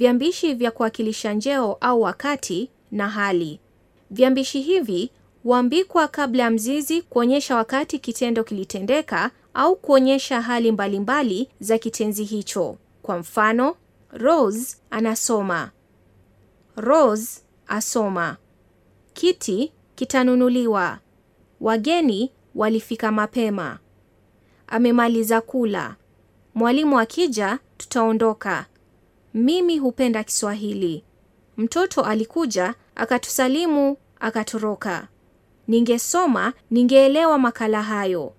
viambishi vya kuwakilisha njeo au wakati na hali. Viambishi hivi huambikwa kabla ya mzizi kuonyesha wakati kitendo kilitendeka au kuonyesha hali mbalimbali mbali za kitenzi hicho. Kwa mfano, Rose anasoma. Rose asoma. Kiti kitanunuliwa. Wageni walifika mapema. Amemaliza kula. Mwalimu akija, tutaondoka. Mimi hupenda Kiswahili. Mtoto alikuja akatusalimu akatoroka. Ningesoma ningeelewa makala hayo.